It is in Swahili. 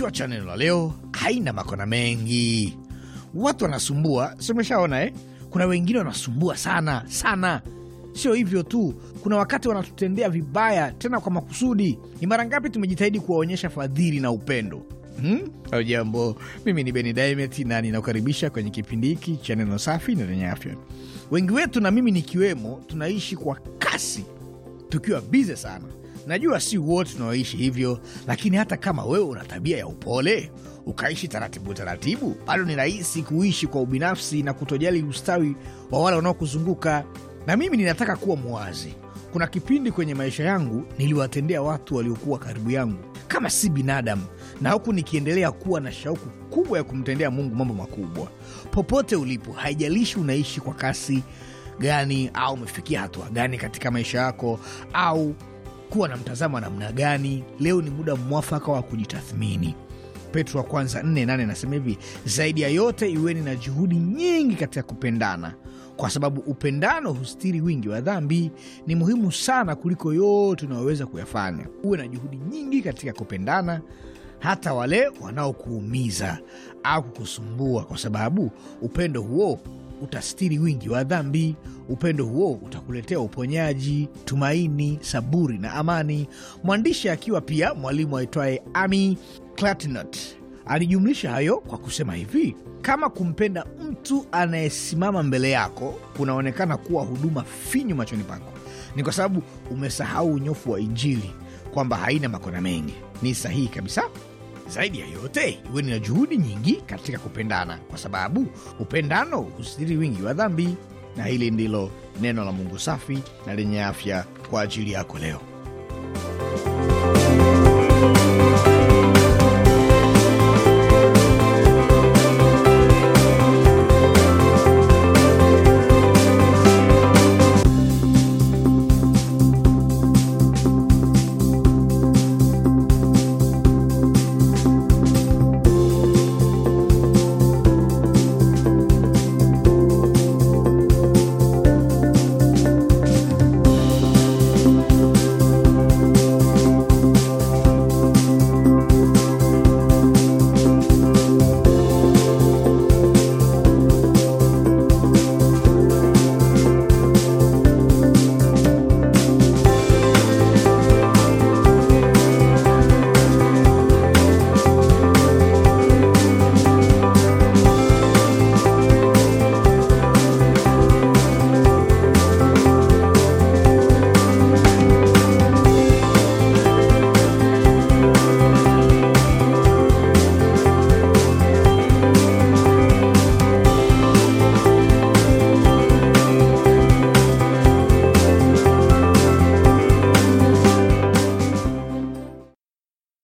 Kichwa cha neno la leo, haina makona mengi. Watu wanasumbua, simeshaona eh? Kuna wengine wanasumbua sana sana. Sio hivyo tu, kuna wakati wanatutendea vibaya, tena kwa makusudi. Ni mara ngapi tumejitahidi kuwaonyesha fadhili na upendo? Hmm? Jambo, mimi ni Beni Dimet na ninakukaribisha kwenye kipindi hiki cha neno safi na lenye afya. Wengi wetu na mimi nikiwemo, tunaishi kwa kasi tukiwa bize sana Najua si wote tunaoishi hivyo, lakini hata kama wewe una tabia ya upole ukaishi taratibu taratibu, bado ni rahisi kuishi kwa ubinafsi na kutojali ustawi wa wale wanaokuzunguka. Na mimi ninataka kuwa mwazi. Kuna kipindi kwenye maisha yangu niliwatendea watu waliokuwa karibu yangu kama si binadamu, na huku nikiendelea kuwa na shauku kubwa ya kumtendea Mungu mambo makubwa. Popote ulipo, haijalishi unaishi kwa kasi gani au umefikia hatua gani katika maisha yako au kuwa na mtazamo wa namna gani? Leo ni muda mwafaka wa kujitathmini. Petro wa kwanza 4:8 anasema hivi, zaidi ya yote iweni na juhudi nyingi katika kupendana, kwa sababu upendano hustiri wingi wa dhambi. Ni muhimu sana kuliko yote unayoweza kuyafanya. Uwe na juhudi nyingi katika kupendana hata wale wanaokuumiza au kukusumbua, kwa sababu upendo huo utastiri wingi wa dhambi. Upendo huo utakuletea uponyaji, tumaini, saburi na amani. Mwandishi akiwa pia mwalimu aitwaye Ami Clatnot alijumlisha hayo kwa kusema hivi: kama kumpenda mtu anayesimama mbele yako kunaonekana kuwa huduma finyu machoni pako, ni kwa sababu umesahau unyofu wa Injili, kwamba haina makona mengi. Ni sahihi kabisa. Zaidi ya yote, iweni na juhudi nyingi katika kupendana, kwa sababu upendano husitiri wingi wa dhambi. Na hili ndilo neno la Mungu safi na lenye afya kwa ajili yako leo.